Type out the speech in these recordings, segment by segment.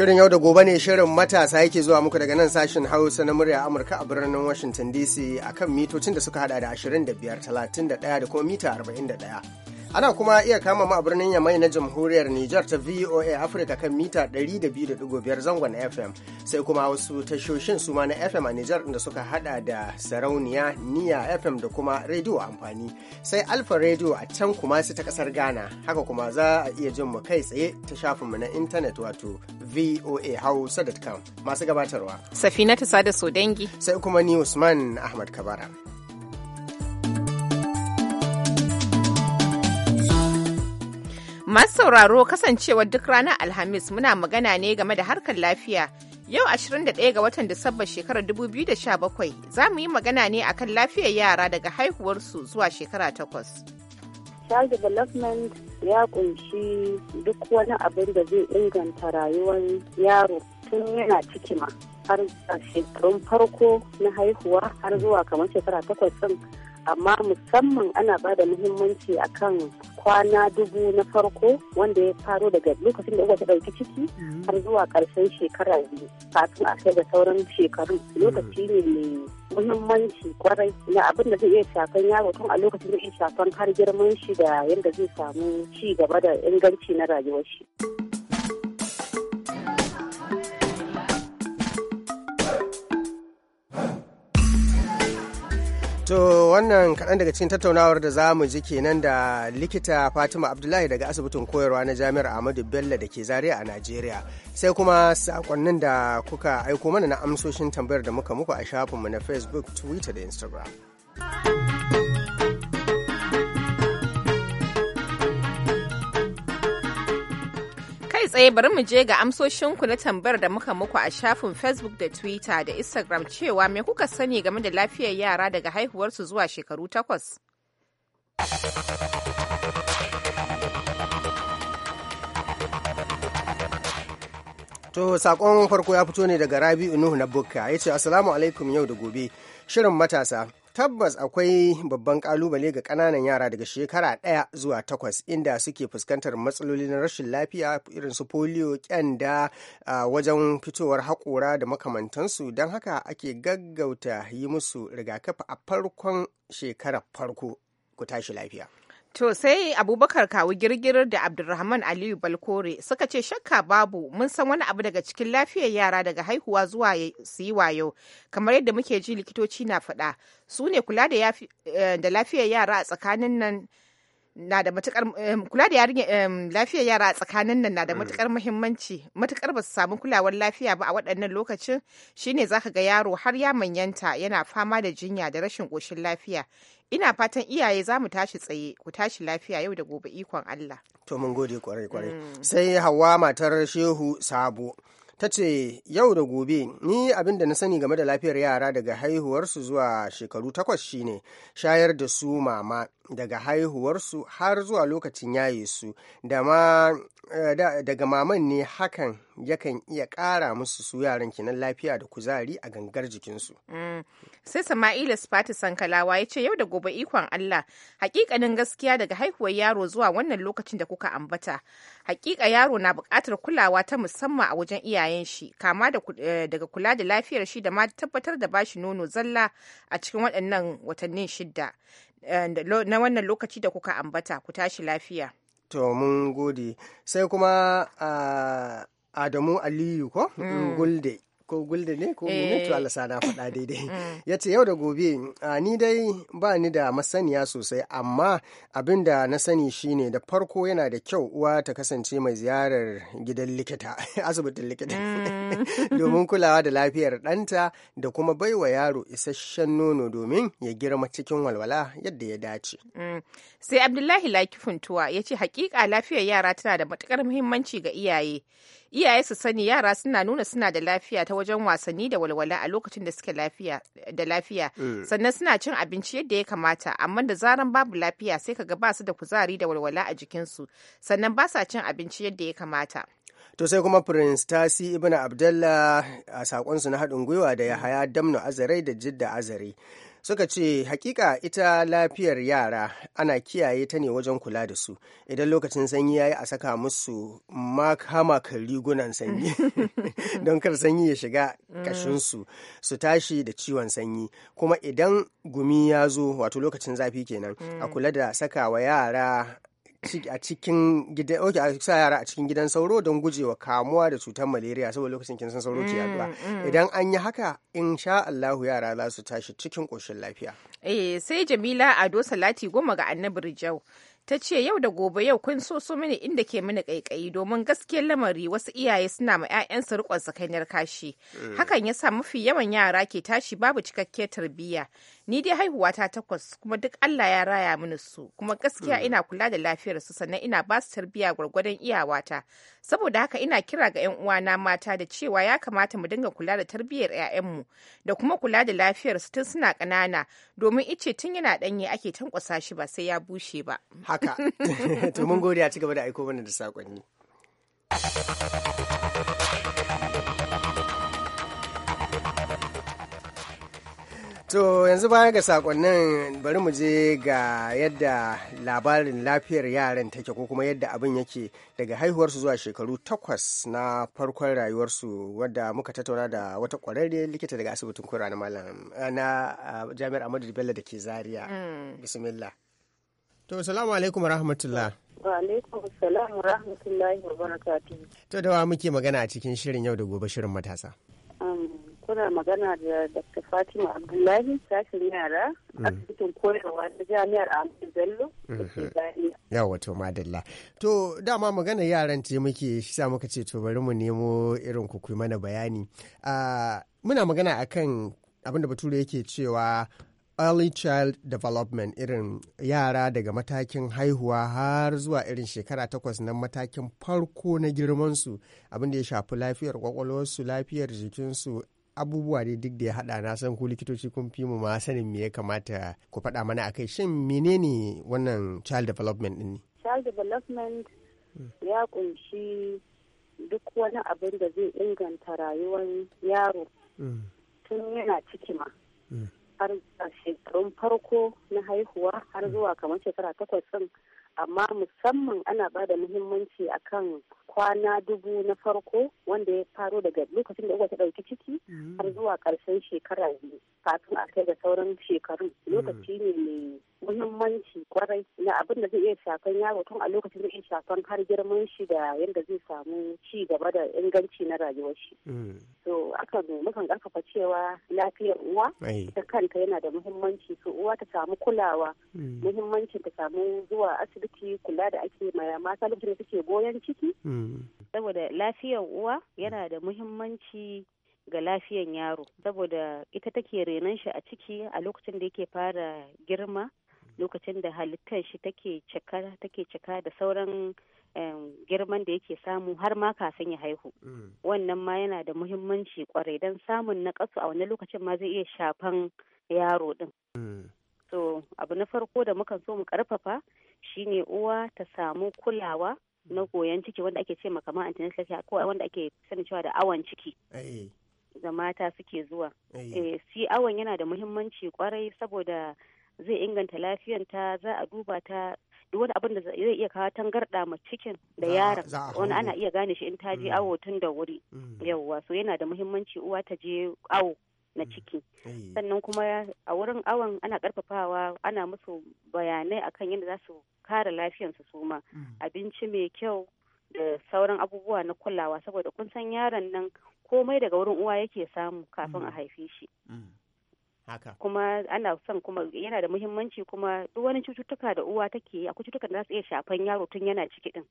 Shirin yau da gobe ne shirin matasa yake zuwa muku daga nan sashen Hausa na murya Amurka a birnin Washington DC akan mitocin da suka hada da 25, 31 da kuma mita 41. Ana kuma iya kama mu a birnin Yamai na Jamhuriyar Nijar ta VOA Africa kan mita 200.5 zangon FM sai kuma wasu tashoshin suma na FM a Nijar da suka hada da Sarauniya, Niya FM da kuma Radio Amfani. Sai Alfa Radio a can kuma su ta kasar Ghana. Haka kuma za a iya jin mu kai tsaye ta shafin mu na intanet wato voahausa.com masu gabatarwa. Safina ta sada dangi. Sai kuma ni Usman Ahmad Kabara. Masu sauraro kasancewar duk ranar Alhamis muna magana ne game da harkar lafiya. Yau 21 ga watan Disamba shekarar 2017 za mu yi magana ne akan lafiyar yara daga haihuwarsu zuwa shekara takwas. Child development ya kunshi duk wani abin da zai inganta rayuwar yaro tun yana cikima. har shekarun farko na haihuwa har zuwa kamar shekara takwas ɗin amma musamman ana ba da muhimmanci akan kwana dubu na farko wanda ya faro daga lokacin da uwa ta ɗauki ciki mm. har zuwa ƙarshen shekara biyu kafin a kai da sauran shekaru mm. lokaci ne mai muhimmanci kwarai na abin da zai iya shafan yaro tun a lokacin da iya shafan har girman shi da yadda zai samu ci gaba da inganci na rayuwar shi. To wannan kaɗan daga cikin tattaunawar da za mu ji kenan da likita Fatima Abdullahi daga asibitin koyarwa na Jami'ar Ahmadu Bello da ke Zaria a Najeriya. Sai kuma sakonnin da kuka aiko mana na amsoshin tambayar da muka muku a shafinmu na Facebook, Twitter da Instagram. tsaye bari mu je ga amsoshinku na tambayar da muka muku a shafin Facebook da Twitter da Instagram cewa me kuka sani game da lafiyar yara daga haihuwarsu zuwa shekaru takwas? To sakon farko ya fito ne daga Rabi'u Nuhu na Bukka ya ce asalamu alaikum yau da gobe. Shirin matasa tabbas akwai babban kalubale ga kananan yara daga shekara ɗaya zuwa takwas inda suke fuskantar matsalolin rashin lafiya irin su polio kyanda wajen fitowar haƙora da makamantansu don haka ake gaggauta yi musu rigakafi a farkon shekarar farko ku tashi lafiya. To sai Abubakar Kawu Girgirar da Abdulrahman Aliyu Balkore suka ce shakka babu mun san wani abu daga cikin lafiyar yara daga haihuwa zuwa su yi wayo kamar yadda muke ji likitoci na faɗa su ne kula da eh, lafiyar yara a tsakanin nan na da matukar a tsakanin nan mm. matukar muhimmanci matukar ba su samu kulawar lafiya ba a waɗannan lokacin shine zaka ga yaro har ya manyanta yana fama da jinya da rashin ƙoshin lafiya ina fatan iyaye za mu tashi tsaye ku tashi lafiya yau da gobe ikon Allah. To mun gode kwarai kwarai. Mm. Sai Hauwa matar Shehu Sabo. ta ce yau da gobe ni abin da na sani game da lafiyar yara daga haihuwarsu zuwa shekaru takwas shine shayar da su mama daga haihuwarsu har zuwa lokacin yaye su eh, daga maman ne hakan yakan iya ƙara musu su yaran kinan lafiya da kuzari a gangar jikinsu. Mm. sai sama'ila sifati sankalawa ya ce yau da gobe ikon allah hakikanin gaskiya daga haihuwar yaro zuwa wannan lokacin da kuka ambata hakika yaro na bukatar kulawa ta musamman a wajen iyayen shi kama eh, daga kula da lafiyar shi da ma tabbatar da bashi nono zalla a cikin waɗannan watannin shidda na wannan lokaci da kuka ambata ku tashi lafiya to mun gode sai kuma ah, adamu aliyu ko mm. gulde ko gulda ne ko mene to eh. Allah na faɗa daidai mm. yace yau da gobe ni dai ba ni da masaniya sosai amma abin da na sani shine da farko yana da kyau uwa ta kasance mai ziyarar gidan likita asibitin likita mm. domin kulawa da lafiyar ɗanta da kuma baiwa yaro isasshen nono domin ya girma cikin walwala yadda ya dace. Mm. Sai Abdullahi Laki Funtuwa ya ce hakika lafiyar yara tana da matukar muhimmanci ga iyaye iyaye su sani yara suna nuna suna da lafiya ta wajen wasanni da walwala a lokacin da suke lafiya da lafiya eh. sannan suna cin abinci yadda ya kamata amma da zaran babu lafiya sai kaga ba su da kuzari da walwala a jikinsu sannan ba sa cin abinci yadda ya kamata to sai kuma prince tasi ibn abdullah a sakonsu na haɗin gwiwa da yahaya damno azare da jidda azare suka ce hakika ita lafiyar yara ana kiyaye ta ne wajen kula da su idan lokacin sanyi ya yi a saka musu makamakan rigunan sanyi don kar sanyi ya shiga mm. kashinsu su tashi da ciwon sanyi kuma idan gumi ya zo wato lokacin zafi kenan a mm. kula da saka wa yara a cikin gida a sa yara a cikin gidan sauro don gujewa kamuwa da cutar malaria saboda lokacin kin san sauro ke mm, yaduwa mm. idan an yi haka insha Allahu yara za su tashi cikin koshin lafiya eh sai Jamila Ado Salati goma ga Annabi Rijau ta ce yau da gobe yau kun so so mini inda ke mini kaikayi domin gaskiyar lamari wasu iyaye suna ma su rikon sakanyar kashi eh. hakan yasa mafi yawan yara ke tashi babu cikakkiyar tarbiyya ni dai haihuwa ta takwas kuma duk Allah ya raya mini su kuma gaskiya hmm. ina kula da lafiyar su sannan ina ba su tarbiyya gwargwadon iyawata saboda haka ina kira ga 'yan uwana mata da cewa ya kamata mu dinga kula da tarbiyyar 'ya'yan mu da kuma kula da lafiyar su tun suna ƙanana domin ice tun yana ɗanye ake tankwasa shi ba sai ya bushe ba haka to mun gode a ci gaba da aiko mana da sakonni To yanzu baya ga sakonnin bari mu je ga yadda labarin lafiyar yaran take ko kuma yadda abin yake daga haihuwarsu zuwa shekaru takwas na farkon rayuwarsu wadda muka tattauna da wata kwararriyar likita daga asibitin kura na malam na ah, jami'ar Amadu Bello da ke Zaria. Mm. Bismillah. To, salamu alaikum rahmatullah. Wa alaikum wa wa To, da wa muke magana a cikin shirin yau da gobe shirin matasa. Um, kuna magana da Dr. Fatima Abdullahi sashen yara mm. asibitin koyarwa ta jami'ar Amadu Bello da ke mm-hmm. Zaria. Yawa to madalla. To dama magana yaran ce muke shi sa muka ce to bari mu nemo irin ku mana bayani. Ah, muna magana akan abin da Bature yake cewa early child development irin yara daga matakin haihuwa har zuwa irin shekara takwas na matakin farko na girmansu abinda ya shafi lafiyar kwakwalwarsu lafiyar jikinsu abubuwa ne duk da ya haɗa na san ku likitoci kun fi mu ma sanin me ya kamata ku faɗa mana akai shin menene wannan child development din ne child development hmm. ya kunshi duk wani abin da zai inganta rayuwar yaro hmm. tun yana ciki ma hmm. har eh, shekarun farko na haihuwa har zuwa kamar shekara takwas ɗin amma musamman ana ba da muhimmanci akan kwana dubu na farko wanda ya faro daga lokacin da uwa ta ɗauki ciki mm. har zuwa ƙarshen shekara biyu kafin a kai da sauran shekaru mm. lokaci ne mai muhimmanci kwarai na abin da zai iya shafan yaro tun a lokacin zai iya shafan har girman shi da yadda zai samu ci gaba da inganci na rayuwar shi. Mm. So akan mukan karfafa cewa lafiyar uwa ta kanta yana da muhimmanci so uwa ta samu kulawa muhimmancin ta samu zuwa asibiti asibiti kula da ake mara mata lokacin da suke goyon ciki mm. saboda lafiyar uwa yana da muhimmanci ga lafiyan yaro saboda ita take renon shi a ciki a lokacin da yake fara girma lokacin da halittar shi take cika take cika da sauran girman da yake samu har ma kafin ya haihu mm. wannan ma yana da muhimmanci kwarai don samun na a wani lokacin ma zai iya shafan yaro din mm. so abu na farko da muka so mu karfafa shine uwa ta samu kulawa na goyon ciki wanda ake ce makama antenatal care ko wanda ake sani cewa da awon ciki eh. da mata suke zuwa eh, eh awon yana da muhimmanci kwarai saboda zai inganta lafiyanta za a duba ta duk wani abin da zai iya kawo tangarɗa ma cikin da yaron wani ana iya gane shi in ta je mm. awo tun da wuri mm. yawwa so yana da muhimmanci uwa ta je awo na mm. ciki sannan kuma a wurin awon ana karfafawa ana musu bayanai akan yadda za su kare lafiyarsu su ma mm. abinci mai kyau da sauran abubuwa na kulawa saboda kun san yaron nan komai daga wurin uwa yake samu kafin a mm. haife shi kuma ana son kuma yana da muhimmanci kuma duk wani cututtuka da uwa take yi akwai cututtukan da za su iya shafan yaro tun yana ciki din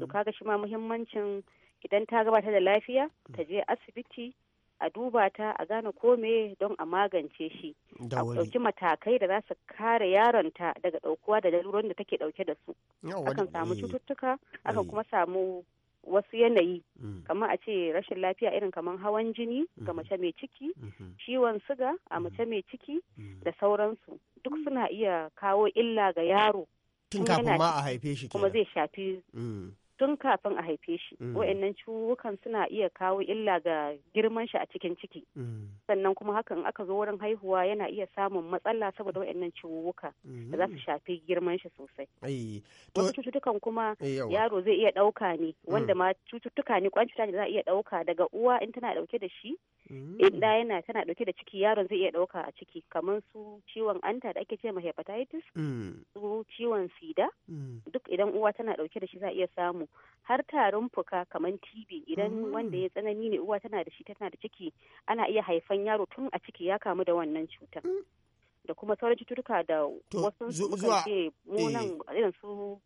to kaga shi ma muhimmancin idan ta gabatar da lafiya ta je asibiti a duba ta a gane kome don a magance shi a ɗauki matakai da za su kare ta daga ɗaukuwa da lalurorin da take ɗauke da su akan samu eh. cututtuka akan eh. kuma samu wasu yanayi mm. kamar a ce rashin lafiya irin kamar hawan jini ga mm-hmm. mace mai ciki mm-hmm. ciwon siga a mace mm-hmm. mai ciki mm. da sauransu duk suna iya kawo illa ga yaro tun kafin ma a haife shi kuma zai shafi mm. tun kafin a haife shi mm. wa'annan ciwukan suna iya kawo illa ga girman shi a cikin ciki mm. sannan kuma hakan aka zo wurin haihuwa yana iya samun matsala saboda wa'annan ciwuka mm-hmm. da za su shafi girman shi sosai wasu cututtukan kuma yaro zai iya ɗauka ne wanda mm. ma cututtuka ne kwan cuta ne za a iya ɗauka daga uwa in tana ɗauke da shi in da mm. yana tana dauke da ciki yaron zai iya dauka a ciki kamar su ciwon anta da ake ce ma hepatitis mm. su ciwon sida mm. duk idan uwa tana dauke da shi za iya samu har tarin fuka kamar tb idan wanda ya tsanani ne uwa tana da shi tana da ciki ana iya haifan yaro tun a ciki ya kamu da wannan cutar da kuma sauran cututtuka da wasu suka ce munan eh. irin su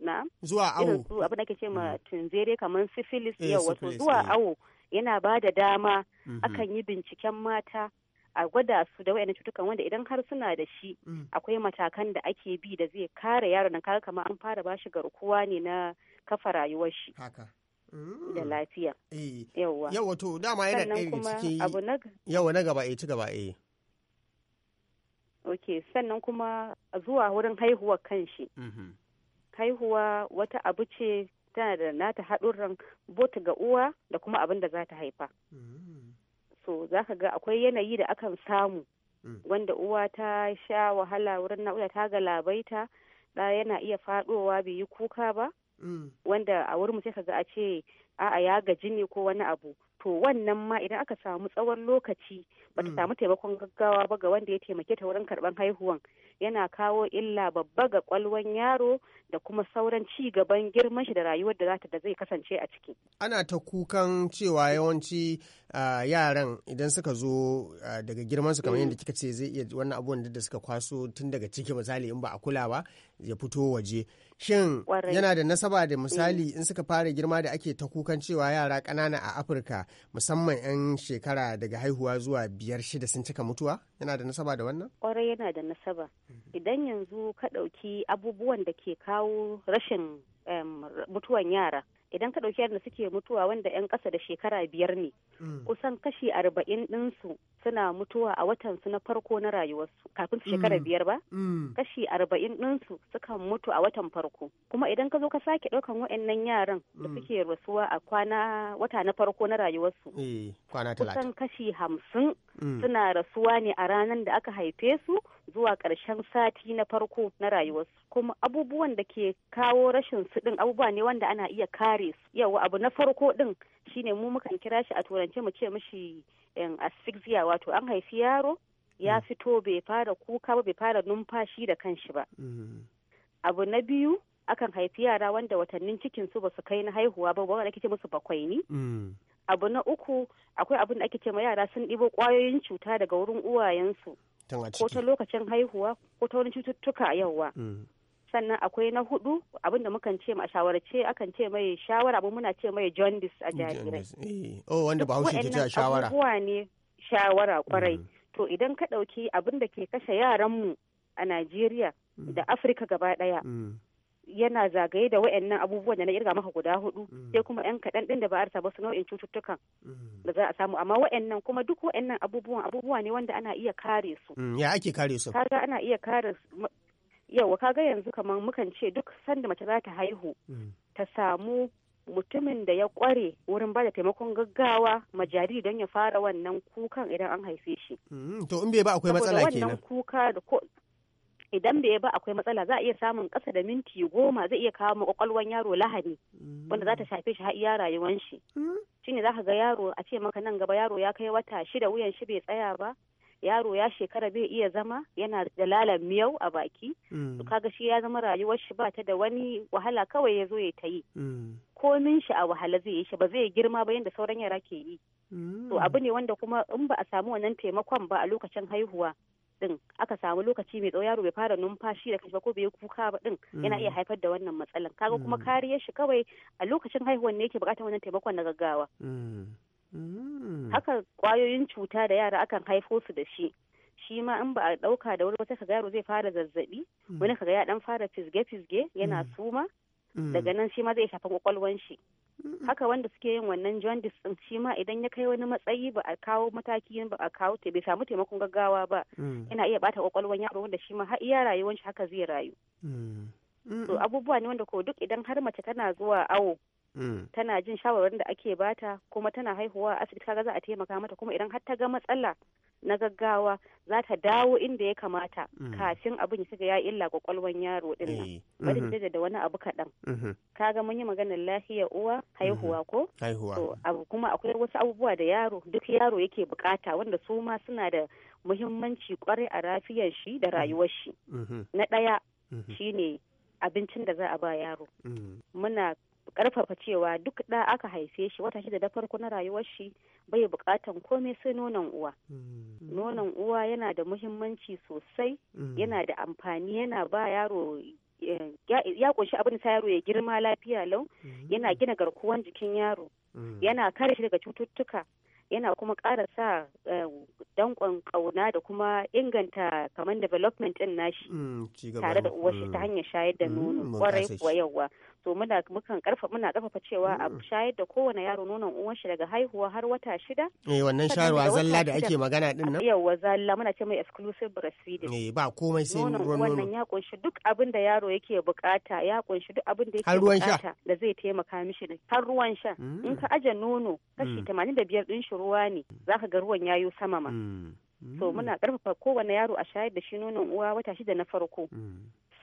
na zuwa awo abin da ke ce ma tunzere kamar syphilis eh, yau wato zuwa eh. awo yana ba da dama mhm. akan yi binciken mata a gwada su da wayannan cutukan wanda idan har suna da shi mm. akwai matakan da ake bi da zai kare yaro nan kaga kamar an fara bashi garkuwa ne na kafa rayuwar shi da mm. lafiya eh. yawa yawa to dama yana ɗaya yawa na gaba eh, ci gaba eh ok sannan kuma zuwa wurin haihuwar kanshi mhm. haihuwa wata abu ce tana da nata haɗurran bota ga uwa da kuma abin da za ta haifa mm. so za ka ga akwai yanayi da akan samu mm. wanda uwa ta sha wahala wurin na'ura ta ga labaita ɗa yana iya faɗowa bai yi kuka ba mm. wanda a wurin mu sai ka ga a ce a'a ya gaji ne ko wani abu to wannan ma idan aka samu tsawon lokaci bata mm. samu taimakon gaggawa ba ga wanda ya taimake ta wurin karban haihuwan yana kawo illa babba ga kwalwan yaro da kuma sauran ci gaban girman shi da rayuwar da zata da zai kasance a ciki ana ta kukan cewa yawanci yaran idan suka zo daga girman su kamar yadda mm. kika ce zai iya wannan abubuwan da suka kwaso tun daga ciki misali in ba a kula ba ya fito waje Shin yana da nasaba da misali eh. in suka fara girma da ake ta kukan cewa yara ƙanana a Afirka musamman 'yan shekara daga haihuwa zuwa biyar shida sun cika mutuwa? Yana da nasaba da wannan? Kwarai yana da nasaba. Mhm. Idan yanzu ka ɗauki abubuwan da ke kawo rashin mutuwan yara. idan ka ɗauki yadda suke mutuwa wanda 'yan ƙasa da shekara biyar ne mm. kusan kashi arba'in ɗinsu suna mutuwa a watansu na farko na rayuwarsu kafin su shekara mm. biyar ba mm. kashi arba'in ɗinsu sukan mutu a watan farko kuma idan ka zo ka sake ɗaukan wa'annan yaran da suke rasuwa a kwana wata na farko na rayuwarsu eh, kusan kashi hamsin suna rasuwa ne a ranar da aka haife su zuwa ƙarshen sati na farko na rayuwarsu kuma abubuwan da ke kawo rashin su ɗin abubuwa ne wanda ana iya kare su yawa abu na farko ɗin shine mu mukan kira shi a turance mu ce mishi asphyxia wato an haifi yaro ya mm. fito bai fara kuka ba bai fara numfashi da kanshi ba mm. abu na biyu akan haifi yara wanda watannin cikin su basu kai na haihuwa ba wanda ake ce musu bakwaini mm. abu na uku akwai abin da ake ce ma yara sun ɗibo ƙwayoyin cuta daga wurin uwayensu ko ta lokacin haihuwa ko ta wani cututtuka yauwa mm. sannan akwai na hudu abinda mukan ce a shawarce akan ce mai shawara abin muna ce mai jaundice a jarirai eh. oh wanda ba ke a shawara abubuwa ne shawara kwarai mm. to idan ka ɗauki abin da ke kashe yaran mu a Najeriya mm. da Afirka gaba ɗaya. yana zagaye da wayannan abubuwan da na kirga maka guda hudu mm. sai kuma yan kaɗan ɗin da ba a rasa ba su nau'in cututtukan mm. da za a samu amma wayannan kuma duk wayannan abubuwan abubuwa ne wanda ana iya kare su mm, ya ake kare su kaga ana iya kare yawa kaga yanzu kamar mukan ce duk sanda mace za ta haihu ta samu mutumin da ya kware wurin ba da taimakon gaggawa ma jariri don ya fara wannan kukan idan an haife shi. To in bai ba akwai matsala kenan. Wannan kuka idan bai ba akwai matsala za a iya samun kasa da minti goma zai iya kawo ma kwakwalwan yaro lahani wanda za ta shafe shi har iya rayuwan shi hmm? shine za ka ga yaro a ce maka nan gaba yaro ya kai wata shida wuyan shi bai tsaya ba yaro ya shekara bai iya zama yana da lalan miyau a baki hmm. to kaga shi ya zama rayuwar shi ba ta da wani wahala kawai ya zo ya ta yi hmm. komin shi a wahala zai yi shi ba zai girma ba yadda sauran yara ke yi to abu ne wanda kuma in ba a samu wannan taimakon ba a lokacin haihuwa din aka samu lokaci mai tsawo yaro bai fara numfashi da kashi ba ko bai kuka ba din yana iya mm. haifar da wannan matsalan kaga kuma mm. kariyar shi kawai a lokacin haihuwan ne yake bukatar wannan taimakon na gaggawa mm. haka kwayoyin cuta da yara akan haifo su da shi shi ma in ba a ɗauka da wuri wata kaga yaro zai fara zazzabi wani kaga ya dan fara fisge fisge yana suma Mm. daga nan shi ma zai shafi kwakwalwan shi haka wanda suke yin wannan jaundice din shi ma idan ya kai wani matsayi ba a kawo mataki ba a kawo bai samu taimakon gaggawa ba mm. yana iya bata kwakwalwan yaro wanda shi ma har iya rayuwar shi haka zai rayu mm. to abubuwa ne wanda ko duk idan har mace tana zuwa awo tana jin shawarwarin da ake bata kuma tana haihuwa asibiti kaga za a taimaka mata kuma idan har ta ga matsala na gaggawa za ta dawo inda ya kamata mm. kafin abin ya saka ya illa kwakwalwan yaro din nan eh. bari ta mm-hmm. da wani abu kaɗan mm-hmm. kaga mun yi maganar lafiyar uwa haihuwa mm-hmm. ko abu kuma akwai wasu abubuwa da yaro duk yaro yake bukata wanda su ma suna da muhimmanci kwarai a rafiyar shi da rayuwar shi na ɗaya shine abincin da za a ba yaro muna karfafa cewa duk da aka haife shi wata shida da farko na rayuwar shi bai bukatan komai sai nonon uwa mm. nonon uwa yana da muhimmanci sosai mm. yana da amfani yana ba yaro eh, ya kunshi abin sa yaro ya girma lafiya lau mm. yana gina garkuwan jikin yaro yana kare shi daga cututtuka yana kuma ƙara sa eh, dankon ƙauna da kuma inganta kamar development din nashi tare da uwa shi ta hanyar shayar da nono kwarai kuwa yawa to muna mukan karfa muna karfafa cewa a mm. shayar da kowane yaro nonon uwan shi daga haihuwa har wata shida eh wannan shayarwa zalla da ake magana din nan yawa zalla muna ce mai exclusive breastfeeding eh ba komai sai ruwan nono wannan ya kunshi duk abin da yaro yake bukata ya kunshi duk abin da yake bukata da zai taimaka mishi har ruwan sha mm. in ka aje nono kashi 85 mm. din shi ruwa ne zaka ga ruwan yayo sama ma so muna karfafa kowane yaro a shayar da shi nonon uwa wata shida na farko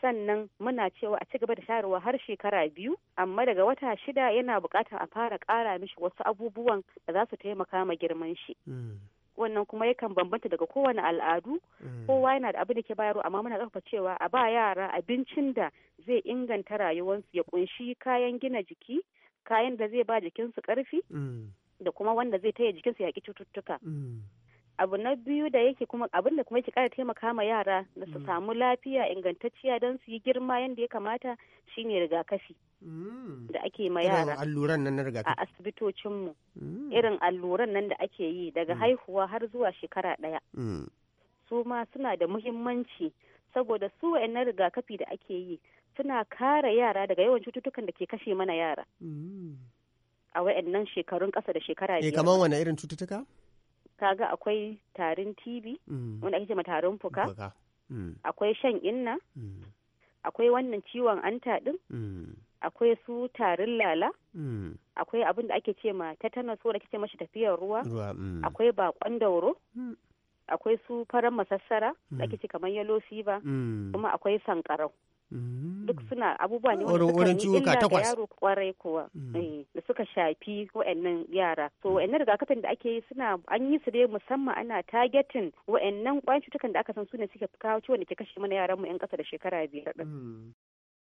sannan muna cewa a ci gaba da shayarwa har shekara biyu amma daga wata shida yana buƙatar a fara ƙara mishi wasu abubuwan da za su taimaka ma girman shi. Mm. wannan kuma yakan bambanta daga kowane al'adu mm. kowa yana da abin da ke bayarwa amma muna ƙarfafa cewa a ba yara abincin da zai inganta rayuwarsu ya kunshi kayan gina jiki kayan da zai ba jikinsu ƙarfi mm. da kuma wanda zai taya jikinsu yaƙi cututtuka abu na biyu da yake kuma abin da kuma yake kara taimaka ma yara da su mm. samu lafiya ingantacciya don su yi girma yadda ya kamata shine rigakafi mm. da ake ma yara alluran nan na a asibitocinmu mm. irin alluran nan da ake yi daga haihuwa har zuwa shekara ɗaya su ma suna da muhimmanci saboda su wa'annan rigakafi da ake yi suna kare yara daga yawan cututtukan da ke kashe mana yara a wa'annan shekarun kasa da shekara eh, biyar. kamar wani irin cututtuka? kaga akwai tarin tb mm. wanda ake ma tarin fuka mm. akwai shan inna mm. akwai wannan ciwon anta din akwai su tarin lala akwai abin da ake ce ma tetanus wanda ake ce mashi tafiyar ruwa akwai bakon dauro akwai su farar masassara da ake ce kamar yellow fever kuma akwai sankarau duk mm. suna abubuwa ne wanda suka yi illa ga yaro kwarai kuwa mm. eh, da suka shafi wa'annan yara so mm. wa'annan rigakafin da ake yi suna an yi su dai musamman ana targeting wa'annan kwayan cutukan da aka san su ne suke kawo ciwon da ke kashe mana yaran mu yan kasa da shekara biyar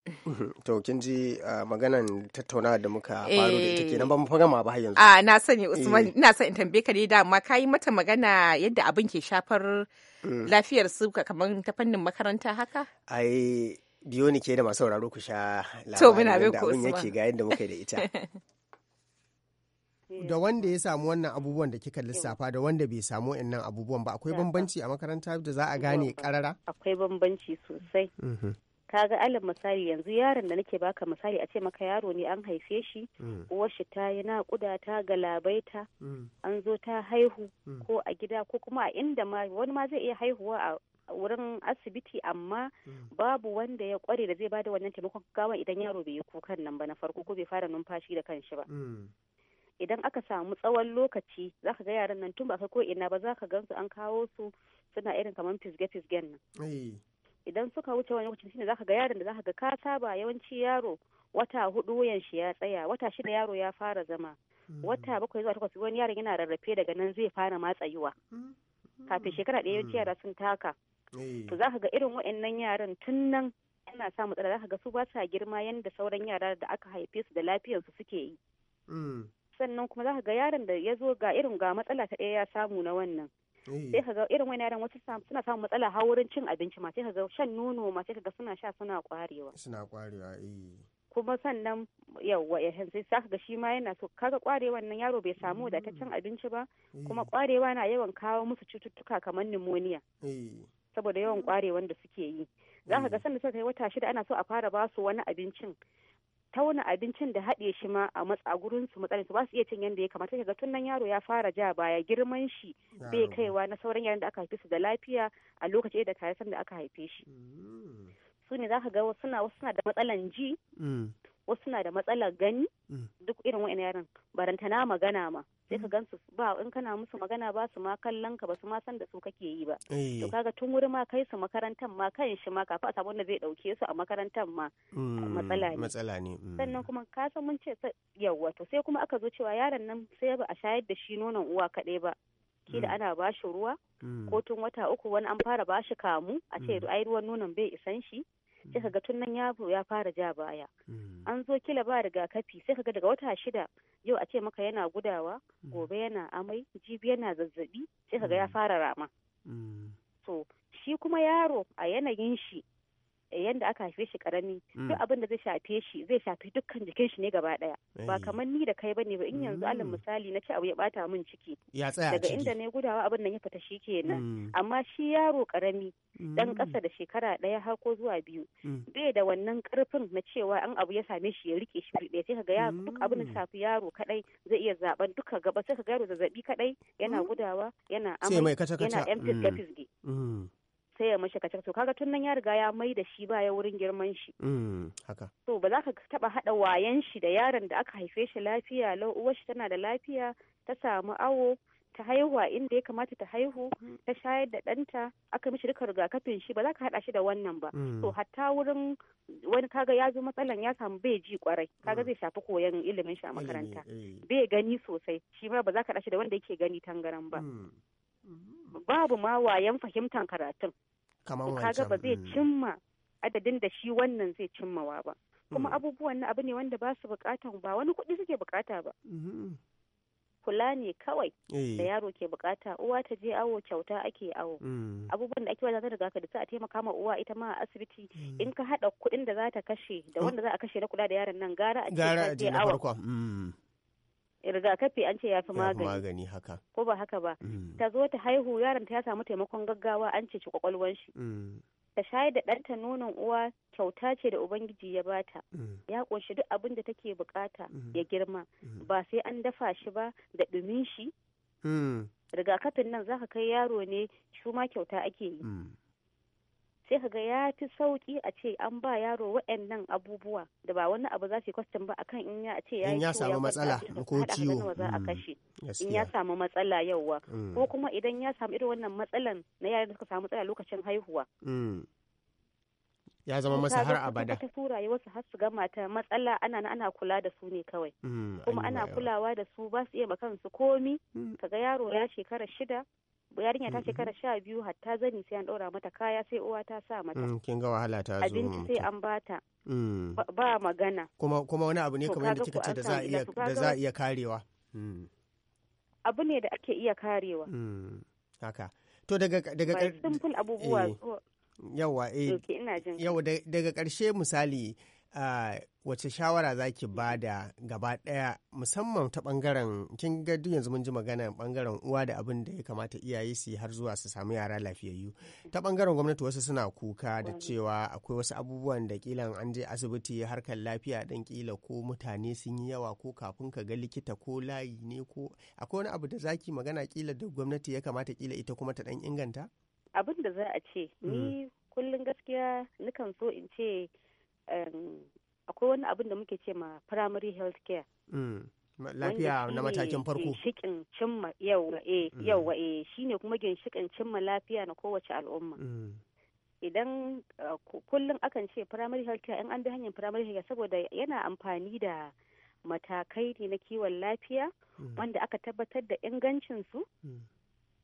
to kin ji maganan tattaunawa da muka faru da ita eh. kenan ba mu fara gama ba har yanzu a na sani Usman eh. ina son in tambaye ka ne da amma kai mata magana yadda abin ke shafar lafiyar su kamar ta fannin makaranta haka ai biyo ne ke da masu sauraro ku sha labarin da abun yake ga yadda muka da ita. Da wanda ya samu wannan abubuwan da kika lissafa da wanda bai samu nan abubuwan ba akwai bambanci a makaranta da za a gane karara? Akwai bambanci sosai. Mm-hmm. Ka ga alin misali yanzu yaron da nake baka misali a ce maka yaro ne an haife shi mm. uwar shi ta yi naƙuda ta galabaita mm. an zo ta haihu mm. ko a gida ko kuma a inda wani ma zai iya haihuwa a wurin asibiti amma mm. babu wanda ya kware da zai bada wannan taimakon gawa idan yaro bai yi kukan nan ba na farko ko bai fara numfashi da kanshi ba mm. idan aka samu tsawon lokaci za ka ga yaran nan tun ba ka ko ina ba za zaka su an kawo su suna irin kamar fisge-fisgen nan idan suka wuce wani lokacin shine ka ga yaron da za ka ga ka saba yawanci yaro wata hudu wuyan shi ya tsaya wata shida yaro ya fara zama mm. wata bakwai zuwa takwas wani yaron yana rarrafe daga nan zai fara matsayuwa kafin shekara ɗaya yawanci yara sun taka Eh. to za ka ga irin wa'annan yaran tun nan ana sa matsala za ka ga su ba sa girma yadda sauran yara da aka haife su da lafiyarsu suke yi mm. sannan kuma za ka ga yaron da ya zo ga irin ga matsala ta ɗaya ya samu na wannan eh. sai ka ga irin wani yaran wasu suna samun matsala har wurin cin abinci ma sai ka ga shan nono ma sai ka ga suna sha suna kwarewa suna kwarewa eh kuma sannan yawa ya eh, sai ka ga shi ma yana so kaga kwarewa nan yaro bai samu mm. wadataccen abinci ba kuma kwarewa na yawan kawo musu cututtuka kamar pneumonia saboda yawan kware wanda suke yi za ka ga mm. sanda suka kai wata shida ana so a fara ba su wani abincin Ta wani abincin da haɗe shi ma a matsa gurin su matsalin su ba su iya cin yadda ya kamata kaga tun nan yaro ya fara ja baya girman shi bai kaiwa na sauran yaran da aka haife su da lafiya a lokaci da tare sanda aka haife shi mm. su ne za ka ga suna wasu suna da matsalan ji mm. wasu na da matsalar gani mm. duk irin wa'in yaran barantana magana ma sai ka gansu ba in kana musu magana ba su ma kallon ka ba su ma san da su kake yi ba eh. to kaga tun wuri ma kai su makarantar ma kan shi ma kafa samu wanda zai dauke su a makarantar ma mm, matsala ne matsala ne mm. sannan kuma ka san mun ce yawa to sai kuma aka zo cewa yaron nan sai ba a shayar da shi nonon uwa kaɗai ba ki da ana bashi ruwa ko tun wata uku wani an fara bashi kamu a ce ai ruwan nonon bai isan shi sai kaga tun nan yaro ya fara ja baya mm. an zo kila ba rigakafi sai kaga daga wata shida yau a ce maka yana gudawa mm. gobe yana amai jibi yana zazzabi sai kaga ya mm. fara rama so shi kuma yaro a yanayin shi Eh, yanda aka haife shi karami mm. duk abin da zai shafe shi zai shafi dukkan jikin shi ne gaba daya ba eh. kamar ni da kai bane ba in yanzu alal mm. misali na ci abu ya bata min ciki daga inda ne gudawa abin nan ya fita shi kenan mm. amma shi yaro karami dan kasa da shekara daya har ko zuwa biyu bai da wannan karfin na cewa an abu ya same shi ya rike shi ɗaya sai kaga duk abin da shafi yaro kadai zai iya zaben duka gaba sai kaga yaro zazzabi kadai yana gudawa yana amai yana yan fisge sai ya mashi kace to kaga tun nan ya riga ya mai da shi baya wurin girman shi mm, haka to ba za ka taba hada wayan shi da yaron da aka haife shi lafiya lau uwar shi tana da lafiya ta samu awo ta haihuwa inda ya kamata ta haihu ta shayar da ɗanta aka mishi duka rigakafin shi ba za ka haɗa shi da wannan ba mm. to hatta wurin wani kaga ya zo matsalan ya samu bai ji kwarai mm. kaga zai shafi koyon ilimin shi a makaranta eh. bai gani sosai shi ma ba za ka hada shi da wanda yake gani tangaran ba babu ma wayan fahimtar karatun kaga ba zai mm. cimma adadin da shi wannan zai cimmawa ba kuma mm. abubuwan abu ne wanda ba su bukatan ba wani kuɗi suke bukata ba mm-hmm. kula ne kawai da eh. yaro ke bukata uwa ta je awo kyauta ake awo mm. abubuwan da ake wajen da ka da a taimaka ma uwa ita ma a asibiti in ka hada kuɗin da za ta kashe da wanda za a kashe na kula da yaron nan gara a je awo rigakafi an ce ya fi magani haka ko ba haka ba mm. ta zo ta haihu yaron ta ya samu taimakon gaggawa an ce ci kwakwalwan shi mm. ta shayar da ɗanta nonon uwa kyauta ce da ubangiji ya bata mm. ya ƙunshi duk abin da take bukata ya girma ba sai an dafa shi ba da ɗumin shi rigakafin nan za ka kai yaro ne shuma kyauta ake yi sai ka ga ya fi sauki a ce an ba yaro waɗannan abubuwa da ba wani abu za su yi kwastan ba akan in ya ce ya ya samu matsala ko ciwo za a mm. kashe in ya samu matsala yauwa mm. ko kuma idan ya samu irin wannan matsalan na yaran da suka samu matsala lokacin haihuwa mm. ya zama masa har abada ta tura yi wasu har su gama ta matsala ana na ana kula da su ne kawai kuma ana kulawa da su ba su iya ma kansu komi kaga yaro ya shekara shida yarinya ta mm-hmm. shekara sha biyu hatta zani sai an ɗora mata kaya sai uwa ta sa mata. Mm, kin ga wahala ta zo abinci sai an bata. Mm. ba magana. kuma kuma wani abu ne kamar yadda kika ce da za iya da za iya karewa. Mm. abu ne da ake iya karewa. haka to daga daga simple abubuwa. yawa eh yawa eh. daga karshe misali wace shawara za ki ba da gaba ɗaya musamman ta ɓangaren kin ga duk yanzu mun ji magana ɓangaren uwa da abin da ya kamata iyaye su yi har zuwa su samu yara lafiyayyu ta ɓangaren gwamnati wasu suna kuka da cewa akwai wasu abubuwan da kila an je asibiti harkar lafiya ɗan kila ko mutane sun yi yawa ko kafin ka ga likita ko layi ne ko akwai wani abu da zaki magana kila da gwamnati ya kamata kila ita kuma ta ɗan inganta abin da za a ce ni mm. kullum gaskiya nukan so in ce Um, akwai wani abin da muke ce ma primary health care mm. lafiya na matakin farko ginshikin cimma e eh, shi mm. eh, shine kuma ginshikin cimma lafiya na kowace al'umma mm. idan uh, kullum akan ce primary health care in an bi hanyar primary health care saboda yana amfani da matakai ne na kiwon lafiya wanda aka tabbatar da ingancinsu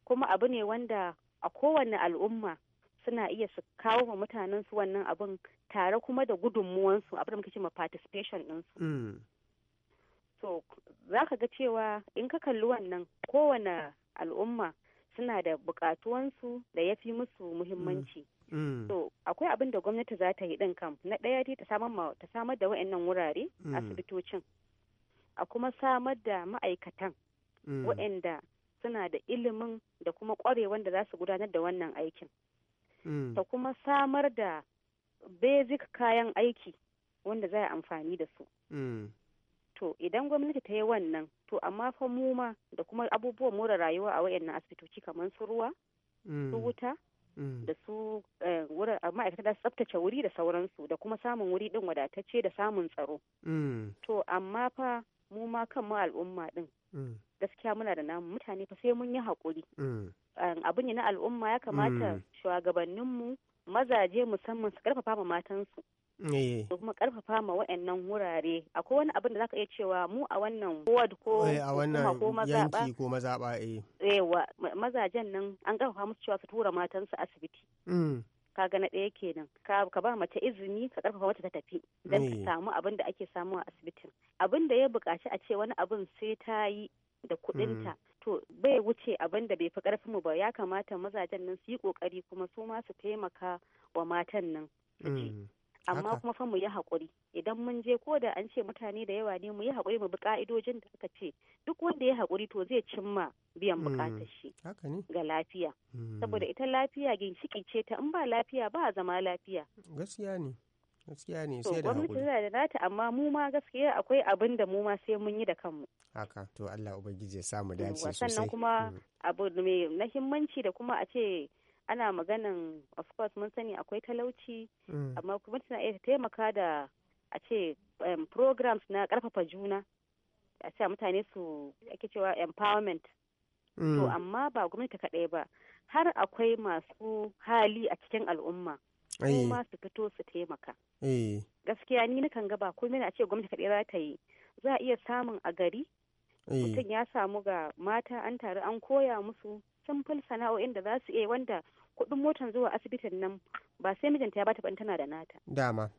kuma abu ne wanda a kowane al'umma suna iya su kawo wa mutanen wannan abin tare kuma da gudunmuwansu abin da muke cewa participation ɗinsu. Mm. So za ka ga cewa in ka kalli wannan kowane al'umma suna da bukatuwansu da ya fi musu muhimmanci. Mm. Mm. So akwai abin da gwamnati za ta yi ɗin kam na ɗaya dai ta samar da wa'annan wurare asibitocin a kuma samar da ma'aikatan wa'anda suna da ilimin da kuma ƙwarewan da za su gudanar da wannan aikin. Mm. ta kuma samar da basic kayan aiki wanda za a amfani da su. Mm. To idan gwamnati ta yi wannan to amma fa mu ma da kuma abubuwan more rayuwa a wayannan asibitoci kamar su ruwa, mm. su wuta, da su eh, wurin ma'aikata da tsaftace wuri da sauransu da kuma samun wuri din wadatacce da samun tsaro. To amma fa mu ma kan ma al'umma din Mm. gaskiya muna da namu mutane fa sai mun yi hakuri. Mm. abin yi na al'umma ya kamata mm. shugabanninmu mazaje musamman su karfafa ma matansu eh. su kuma karfafa ma wa'annan wurare akwai wani abin da zaka iya cewa mu a wannan ward ko eh, ko mazaba ko mazaba eh, eh mazajen nan an karfafa musu cewa su tura matansu asibiti ka ga na ɗaya kenan ka ba mace izini ka ƙarfafa mata ta tafi don ta mm. samu abin da ake samu a asibitin abin da ya buƙaci a ce wani abin sai ta yi da kuɗinta mm. to bai wuce abin da bai fi ƙarfin mu ba ya kamata mazajen nan su yi ƙoƙari kuma su ma su taimaka wa matan nan amma kuma fa mu yi haƙuri idan mun je ko da an ce mutane da yawa ne mu yi haƙuri mu bi ka'idojin da aka ce duk wanda ya hakuri to zai cimma biyan hmm. buƙatar shi ga lafiya hmm. saboda ita lafiya ginshiki ce ta in ba lafiya ba zama lafiya gaskiya ne gaskiya ne sai da hakuri gwamnati da nata amma mu ma gaskiya akwai abin da mu ma sai mun yi da kanmu haka to Allah ubangiji ya samu dace sosai sannan kuma hmm. abu mai muhimmanci da kuma a ce ana maganan of course mun sani akwai talauci mm. amma kuma tana iya taimaka da a ce programs na karfafa juna a ce mutane su ake cewa empowerment mm. to amma ba gwamnati kaɗai ba har akwai masu hali a cikin al'umma kuma eh. su fito su taimaka eh. gaskiya ni nakan ga ba komai a ce gwamnati kaɗai za ta yi za a iya samun a gari eh. mutum ya samu ga mata an taru an koya musu simple sana'o'in da za su iya wanda kuɗin motan zuwa asibitin nan ba sai mijinta ya bata ban tana da nata dama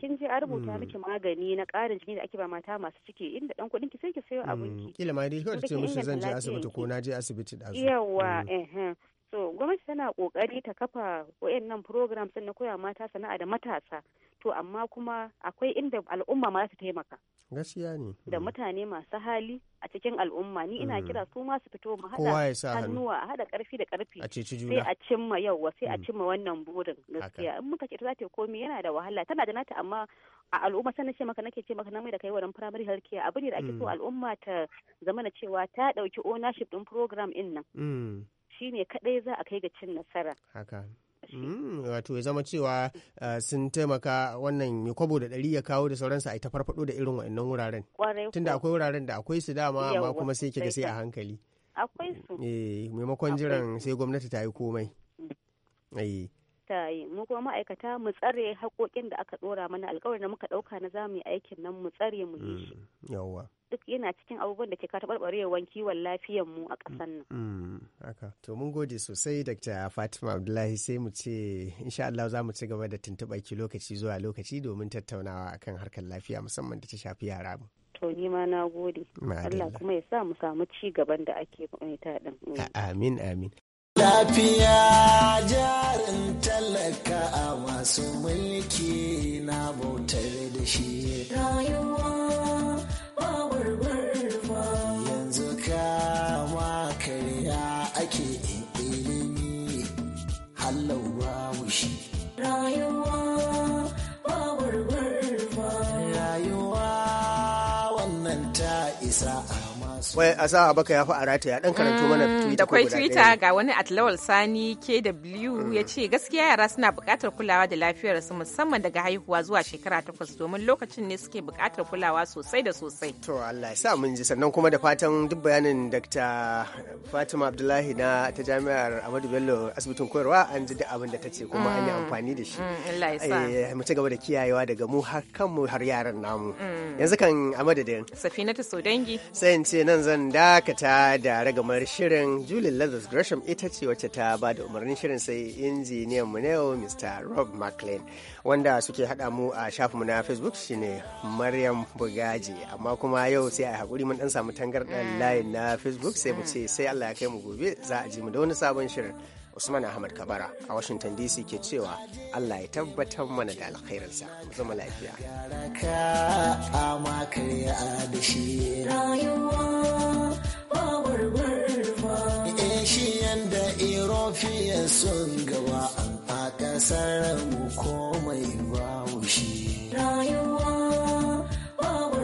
kin je a rubuta hmm. miki magani na ƙarin jini da ake ba mata masu ciki inda dan kuɗin ki sai ki sayo abin hmm. kila ma dai kawai ce musu zan je asibiti ko na je asibiti da su yawa hmm. so gwamnati tana kokari ta kafa wayannan programs na koya mata sana'a da matasa to amma kuma akwai inda al'umma ma za su taimaka gaskiya ne da mm. mutane masu hali a cikin al'umma ni ina mm. kira su ma su fito mu hada hannuwa a hada karfi da karfi sai a cimma yauwa sai a mm. cimma wannan burin gaskiya in muka ce za ta komi yana da wahala tana da nata amma a al'umma sannan ce maka nake ce maka na mai da kai wurin primary health care abu ne da ake so al'umma ta zama na cewa ta ɗauki ownership ɗin program din nan shine kaɗai za a kai ga cin nasara haka Mm, wato ya zama cewa eh, sun taimaka wannan ya kwabo da ɗari ya kawo da sauransu a ta farfado da irin wa'annan wuraren tunda akwai wuraren da akwai su dama amma kuma sai kiga sai a hankali akwai su eh, maimakon jiran sai gwamnati ta yi komai mm. eh mu kuma ma'aikata mu tsare haƙoƙin da aka ɗora mana alƙawarin da muka ɗauka na za mu yi aikin nan mu tsare mu yi shi mm, yawwa duk yana cikin abubuwan da ke taɓarɓarewar kiwon lafiyar mu a ƙasar nan. Mm, to mun gode sosai Dr. Fatima Abdullahi sai mu ce insha Allah za mu ci gaba da tuntuɓa ki lokaci zuwa lokaci domin tattaunawa akan harkar lafiya musamman da ta shafi yara mu. to ni ma na gode Allah kuma ya sa mu samu ci gaban da ake ta din amin amin lafiya jarin talaka a masu mulki na bautar da shi rayuwa power. wai a sa abaka ya fi a rataya dan karanto mana mm, da kwai twitter ga wani atlawal sani kw mm. ya ce gaskiya yara suna buƙatar kulawa da lafiyarsu musamman daga haihuwa zuwa shekara takwas domin lokacin ne suke buƙatar kulawa sosai da sosai to allah sa mun ji sannan kuma da fatan duk bayanin dr fatima abdullahi na ta jami'ar amadu bello asibitin koyarwa an ji duk abin da ta ce kuma an yi mm, amfani da shi eh, mu ci gaba da kiyayewa daga mu har kanmu har yaran namu yanzu kan a safinatu sodangi sai in ce nan zan dakata da ragamar shirin Julie Lazarus Gresham ita ce wacce ta ba da umarnin shirin sai injiniyan mu neo Mr. Rob McLean wanda suke hada mu a shafinmu na Facebook shine Maryam Bugaji amma kuma yau sai a haƙuri mun dan samu dan layin na Facebook sai mu ce sai Allah ya kai mu gobe za a ji mu da wani sabon shirin. usman ahmad kabara a washington dc ke cewa allah ya tabbatar mana da alkhairinsa mu zama lafiya eh, shi irofiya sun gaba a rayuwa babu